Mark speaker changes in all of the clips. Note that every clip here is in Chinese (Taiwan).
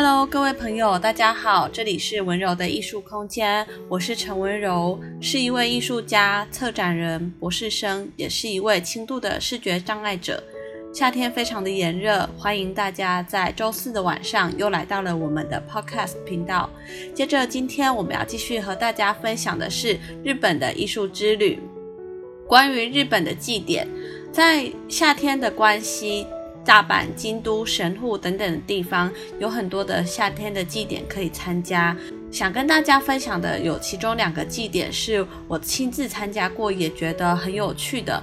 Speaker 1: Hello，各位朋友，大家好，這裡是雯柔的藝術空間，我是陳雯柔，是一位藝術家、策展人、博士生，也是一位輕度的視覺障礙者。夏天非常的炎熱，歡迎大家在周四的晚上又來到了我們的 Podcast 頻道。接着，今天我們要繼續和大家分享的是日本的藝術之旅。關於日本的祭典，在夏天的關係。大阪、京都、神戶等等的地方有很多的夏天的祭典可以參加。想跟大家分享的有其中兩個祭典是我親自參加過，也覺得很有趣的。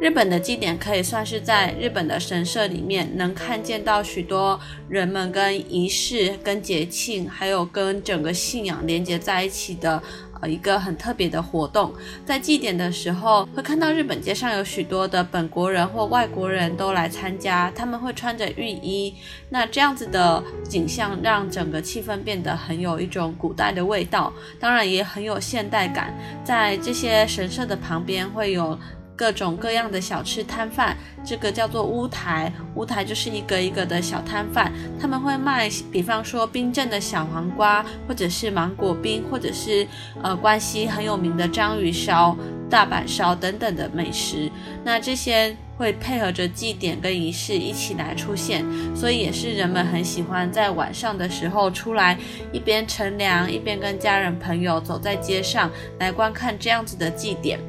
Speaker 1: 日本的祭典可以算是在日本的神社裡面能看見到許多人們跟儀式、跟節慶，還有跟整個信仰連接在一起的。一個很特別的活動，在祭典的時候，會看到日本街上有許多的本國人或外國人都來參加，他們會穿着浴衣，那這樣子的景象，讓整個氣氛變得很有一種古代的味道，當然也很有現代感。在這些神社的旁邊會有。各種各樣的小吃攤販，這個叫做屋台，屋台就是一個一個的小攤販，他們會賣，比方說冰鎮的小黃瓜，或者是芒果冰，或者是呃，關西很有名的章魚燒、大阪燒等等的美食。那這些會配合着祭典跟儀式一起來出現，所以也是人們很喜歡在晚上的時候出來，一邊乘涼，一邊跟家人朋友走在街上來觀看這樣子的祭典。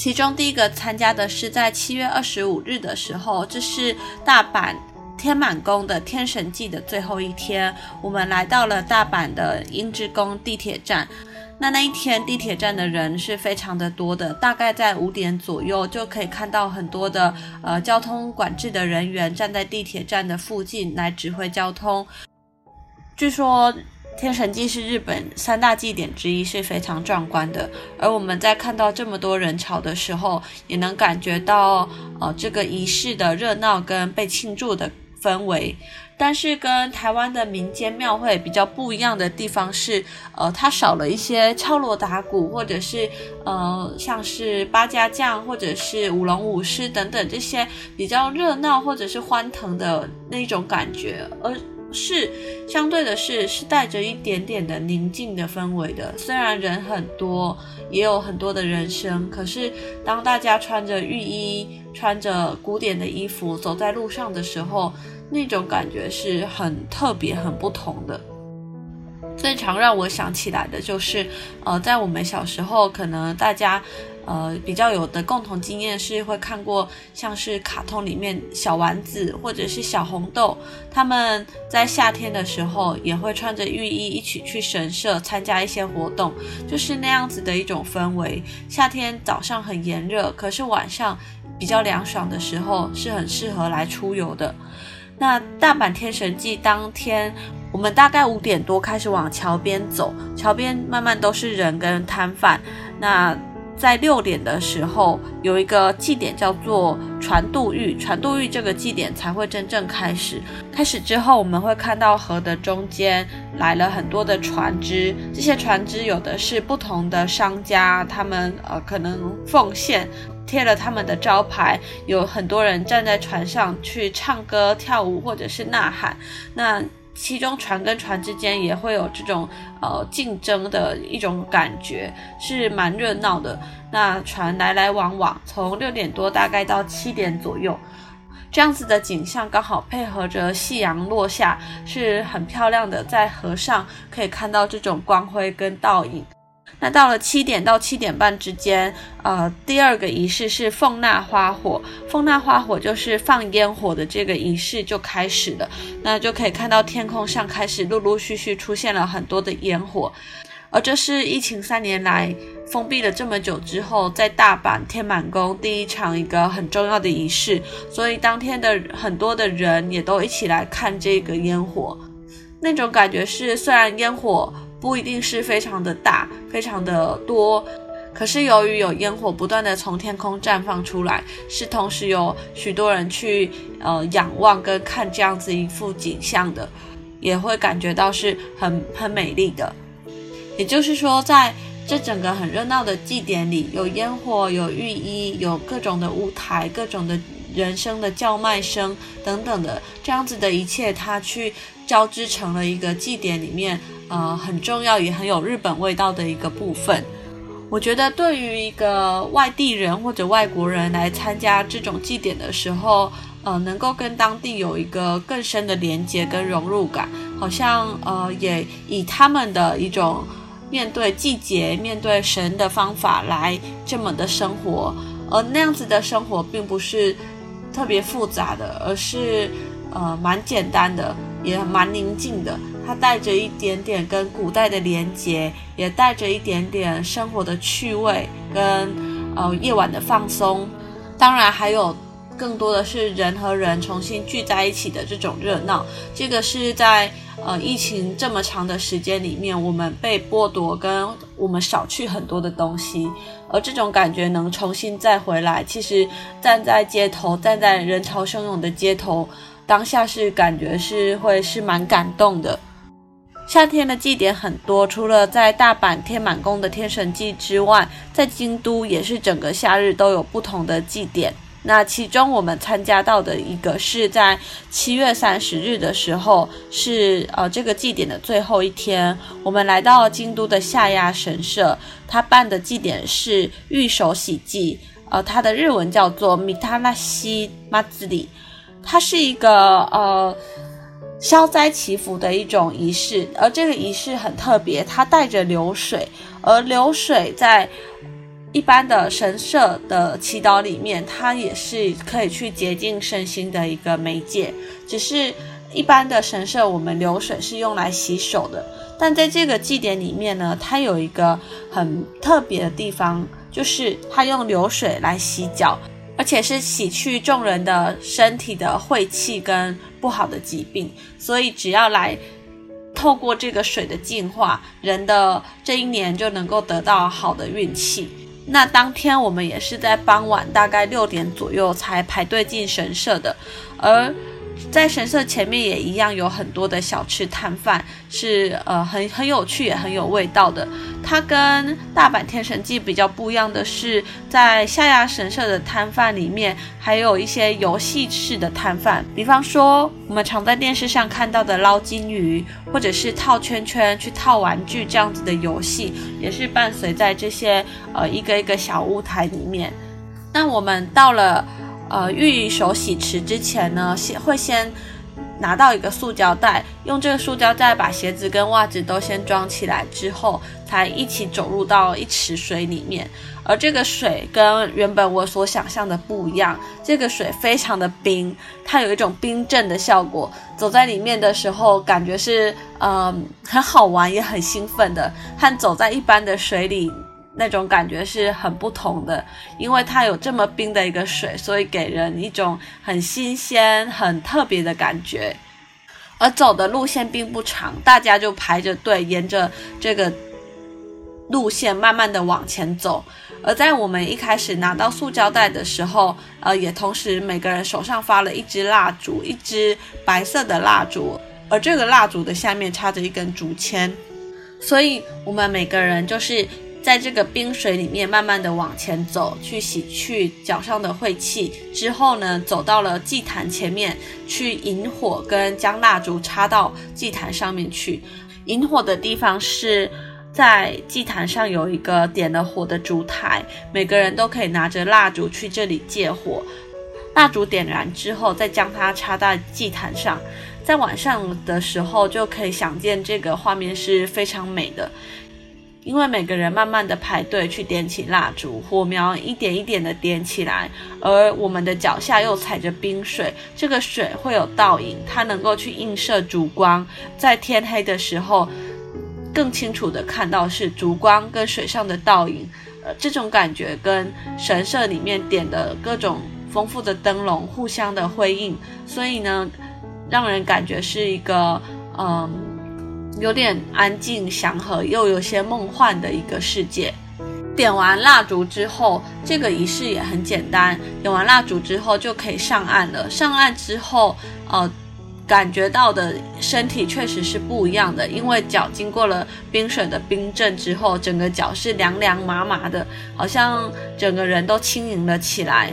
Speaker 1: 其中第一個參加的是在七月二十五日的時候，這是大阪天滿宮的天神祭的最後一天，我們來到了大阪的櫻之宮地鐵站。那那一天地鐵站的人是非常的多的，大概在五點左右就可以看到很多的呃交通管制的人員站在地鐵站的附近來指揮交通。據說。天神祭是日本三大祭典之一，是非常壯觀的。而我們在看到這麼多人潮的時候，也能感覺到呃這個儀式的熱鬧跟被慶祝的氛圍。但是跟台灣的民間廟會比較不一樣的地方是，呃，它少了一些敲鑼打鼓，或者是呃像是八家將或者是舞龍舞獅等等這些比較熱鬧或者是歡騰的那種感覺，而。是相對的是，是是帶着一點點的寧靜的氛圍的。雖然人很多，也有很多的人生，可是當大家穿着浴衣、穿着古典的衣服走在路上的時候，那種感覺是很特別、很不同的。最常讓我想起來的就是，呃，在我們小時候，可能大家。呃，比較有的共同經驗是會看過像是卡通裡面小丸子或者是小紅豆，他們在夏天的時候也會穿着浴衣一起去神社參加一些活動，就是那樣子的一種氛圍。夏天早上很炎熱，可是晚上比較涼爽的時候是很適合來出遊的。那大阪天神祭當天，我們大概五點多開始往橋邊走，橋邊慢慢都是人跟攤販，那。在六點的時候，有一個祭典叫做船渡御。船渡御這個祭典才會真正開始。開始之後，我們會看到河的中間來了很多的船隻，這些船隻有的是不同的商家，他們呃可能奉獻，貼了他們的招牌，有很多人站在船上去唱歌、跳舞或者是吶喊。那其中船跟船之間也會有這種呃競爭的一種感覺，是蠻熱鬧的。那船來來往往，從六點多大概到七點左右，這樣子的景象剛好配合着夕陽落下，是很漂亮的。在河上可以看到這種光輝跟倒影。那到了七點到七點半之間，呃，第二個儀式是奉納花火，奉納花火就是放煙火的這個儀式就開始了，那就可以看到天空上開始陸陸續續出現了很多的煙火，而這是疫情三年來封閉了這麼久之後，在大阪天滿宮第一場一個很重要的儀式，所以當天的很多的人也都一起來看這個煙火，那種感覺是雖然煙火。不一定是非常的大，非常的多，可是由於有煙火不斷的從天空綻放出來，是同時有許多人去呃仰望跟看這樣子一幅景象的，也會感覺到是很很美麗的。也就是說，在這整個很熱鬧的祭典裡，有煙火，有浴衣，有各種的屋台，各種的人聲的叫賣聲等等的這樣子的一切，它去交織成了一個祭典裡面。呃，很重要也很有日本味道的一個部分。我覺得對於一個外地人或者外國人來參加這種祭典的時候，呃，能夠跟當地有一個更深的連接跟融入感。好像呃，也以他們的一種面對季節、面對神的方法來這麼的生活，而那樣子的生活並不是特別複雜的，而是呃蠻簡單的。也蠻寧靜的，它帶着一點點跟古代的連結，也帶着一點點生活的趣味跟，呃夜晚的放鬆，當然還有更多的是人和人重新聚在一起的這種熱鬧。這個是在呃疫情這麼長的時間裡面，我們被剝奪跟我們少去很多的東西，而這種感覺能重新再回來。其實站在街頭，站在人潮洶湧的街頭。當下是感覺是會是蠻感動的。夏天的祭典很多，除了在大阪天滿宮的天神祭之外，在京都也是整個夏日都有不同的祭典。那其中我們參加到的一個是在七月三十日的時候，是呃這個祭典的最後一天，我們來到了京都的下鴨神社，他辦的祭典是御手洗祭，呃他的日文叫做米他拉西馬茲里。它是一個呃消災祈福的一種儀式，而這個儀式很特別，它帶着流水。而流水在一般的神社的祈禱裡面，它也是可以去潔淨身心的一個媒介。只是一般的神社，我們流水是用來洗手的，但在這個祭典裡面呢，它有一個很特別的地方，就是它用流水來洗腳。而且是洗去眾人的身體的晦氣跟不好的疾病，所以只要來透過這個水的淨化，人的這一年就能夠得到好的運氣。那當天我們也是在傍晚大概六點左右才排隊進神社的，而。在神社前面也一樣有很多的小吃攤販，是呃很很有趣也很有味道的。它跟大阪天神祭比較不一樣的是，在下鴨神社的攤販裡面，還有一些遊戲式的攤販，比方說我們常在電視上看到的撈金魚，或者是套圈圈去套玩具這樣子的遊戲，也是伴隨在這些呃一個一個小屋台裡面。那我們到了。呃，御手洗池之前呢，先會先拿到一個塑膠袋，用這個塑膠袋把鞋子跟襪子都先裝起來，之後才一起走入到一池水裡面。而這個水跟原本我所想象的不一樣，這個水非常的冰，它有一種冰鎮的效果。走在裡面的時候，感覺是嗯很好玩，也很興奮的，和走在一般的水裡。那種感覺是很不同的，因為它有這麼冰的一個水，所以給人一種很新鮮、很特別的感覺。而走的路線並不長，大家就排着隊，沿着這個路線慢慢的往前走。而在我們一開始拿到塑膠袋的時候，呃，也同時每個人手上發了一支蠟燭，一支白色的蠟燭，而這個蠟燭的下面插着一根竹籤，所以我們每個人就是。在這個冰水裡面慢慢的往前走，去洗去腳上的晦氣之後呢，走到了祭壇前面去引火，跟將蠟燭插到祭壇上面去。引火的地方是在祭壇上有一個點了火的燭台，每個人都可以拿着蠟燭去這裡借火。蠟燭點燃之後，再將它插到祭壇上，在晚上的時候就可以想見這個畫面是非常美的。因為每個人慢慢的排隊去點起蠟燭，火苗一點一點的點起來，而我們的腳下又踩着冰水，這個水會有倒影，它能夠去映射燭光，在天黑的時候更清楚的看到的是燭光跟水上的倒影，呃，這種感覺跟神社裡面點的各種豐富的燈籠互相的輝映，所以呢，讓人感覺是一個，嗯。有點安靜、祥和，又有些夢幻的一個世界。點完蠟燭之後，這個儀式也很簡單。點完蠟燭之後就可以上岸了。上岸之後，呃，感覺到的身體確實是不一樣的，因為腳經過了冰水的冰鎮之後，整個腳是涼涼麻麻的，好像整個人都輕盈了起來。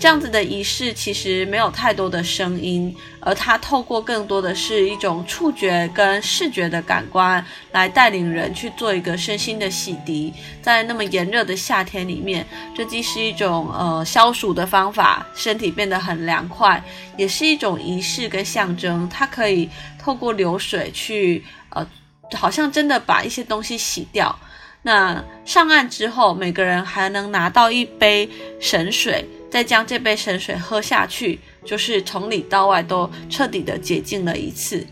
Speaker 1: 這樣子的儀式其實沒有太多的聲音，而它透過更多的是一種觸覺跟視覺的感官來帶領人去做一個身心的洗滌。在那麼炎熱的夏天裡面，這既是一種呃消暑的方法，身體變得很涼快，也是一種儀式跟象徵。它可以透過流水去呃，好像真的把一些東西洗掉。那上岸之後，每個人還能拿到一杯神水。再將這杯神水喝下去，就是從裡到外都徹底的潔淨了一次。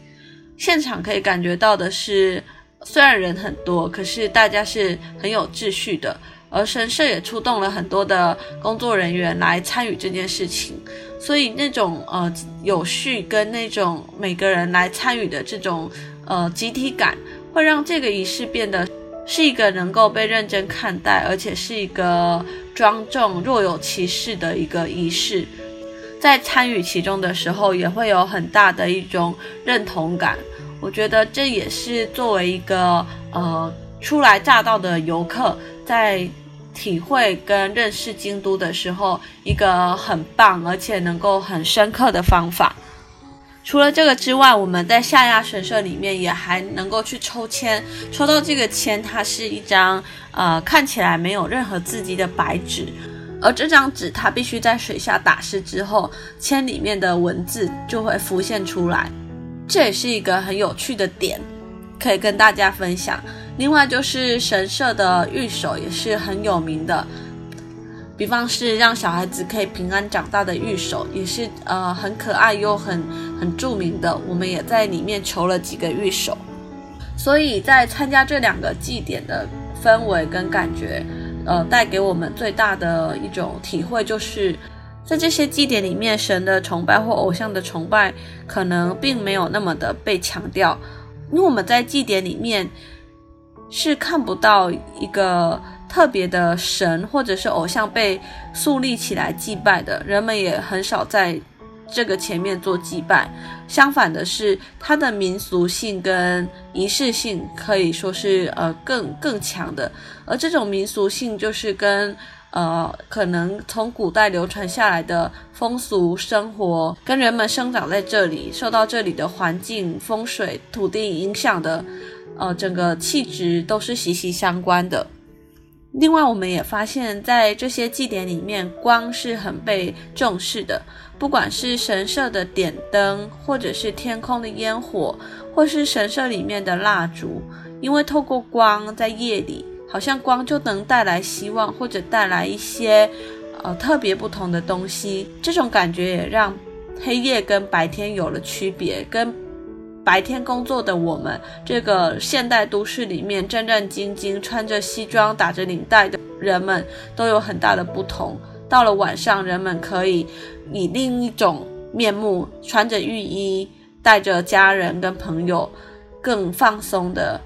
Speaker 1: 現場可以感覺到的是，雖然人很多，可是大家是很有秩序的，而神社也出動了很多的工作人員來參與這件事情。所以那種呃有序跟那種每個人來參與的這種呃集體感，會讓這個儀式變得是一個能夠被認真看待，而且是一個。莊重、若有其事的一個儀式，在參與其中的時候，也會有很大的一種認同感。我覺得這也是作為一個呃初來乍到的遊客，在體會跟認識京都的時候，一個很棒而且能夠很深刻的方法。除了這個之外，我們在下鴨神社裡面也還能夠去抽籤，抽到這個籤，它是一張呃看起來沒有任何字跡的白紙，而這張紙它必須在水下打濕之後，籤裡面的文字就會浮現出來，這也是一個很有趣的點，可以跟大家分享。另外就是神社的御守也是很有名的。比方是讓小孩子可以平安長大的御守，也是呃很可愛又很很著名的。我們也在裡面求了幾個御守，所以在參加這兩個祭典的氛圍跟感覺，呃，帶給我們最大的一種體會，就是在這些祭典裡面，神的崇拜或偶像的崇拜可能並沒有那麼的被強調，因為我們在祭典裡面是看不到一個。特別的神或者是偶像被樹立起來祭拜的，人們也很少在這個前面做祭拜，相反的是，它的民俗性跟儀式性可以說是呃更更強的。而這種民俗性就是跟呃可能從古代流傳下來的風俗生活，跟人們生長在這裡、受到這裡的環境、風水、土地影響的呃整個氣質都是息息相關的。另外，我們也發現，在這些祭典裡面，光是很被重視的。不管是神社的點燈，或者是天空的煙火，或是神社裡面的蠟燭，因為透過光，在夜裡，好像光就能帶來希望，或者帶來一些，呃，特別不同的東西。這種感覺也讓黑夜跟白天有了區別，跟。白天工作的我們，這個現代都市裡面戰戰兢兢、穿着西裝、打着領帶的人們都有很大的不同。到了晚上，人們可以以另一種面目，穿着浴衣，帶着家人跟朋友，更放鬆的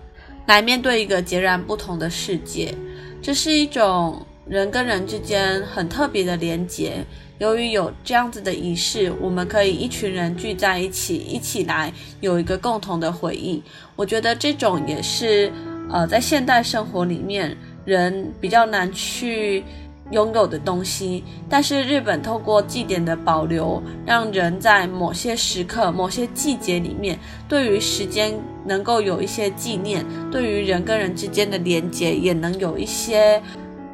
Speaker 1: 來面對一個截然不同的世界。這是一種。人跟人之間很特別的連結，由於有這樣子的儀式，我們可以一群人聚在一起，一起來有一個共同的回憶。我覺得這種也是，呃，在現代生活裡面人比較難去擁有的東西。但是日本透過祭典的保留，讓人在某些時刻、某些季節裡面，對於時間能夠有一些紀念，對於人跟人之間的連結也能有一些。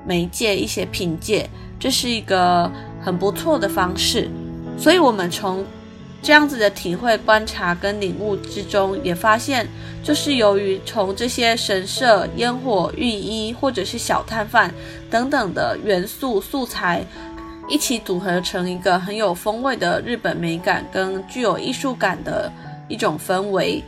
Speaker 1: 媒介一些憑藉，這是一個很不錯的方式。所以，我們從這樣子的體會、觀察跟領悟之中，也發現，就是由於從這些神社、煙火、浴衣或者是小攤販等等的元素素材，一起組合成一個很有風味的日本美感跟具有藝術感的一種氛圍。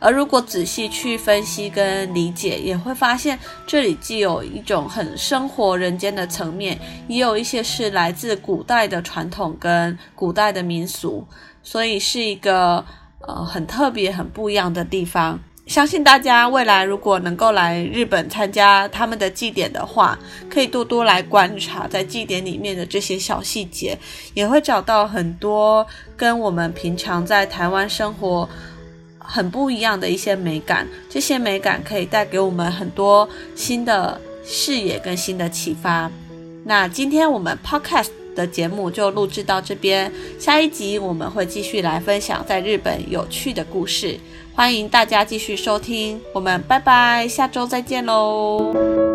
Speaker 1: 而如果仔細去分析跟理解，也會發現這裡既有一種很生活人間的層面，也有一些是來自古代的傳統跟古代的民俗，所以是一個呃很特別，很不一樣的地方。相信大家未來如果能夠來日本參加他們的祭典的話，可以多多來觀察在祭典裡面的這些小細節，也會找到很多跟我們平常在台灣生活，很不一樣的一些美感，這些美感可以帶給我們很多新的視野跟新的啟發。那今天我們 podcast 的節目就錄製到這邊，下一集我們會繼續來分享在日本有趣的故事，歡迎大家繼續收聽，我們拜拜，下周再見嘍。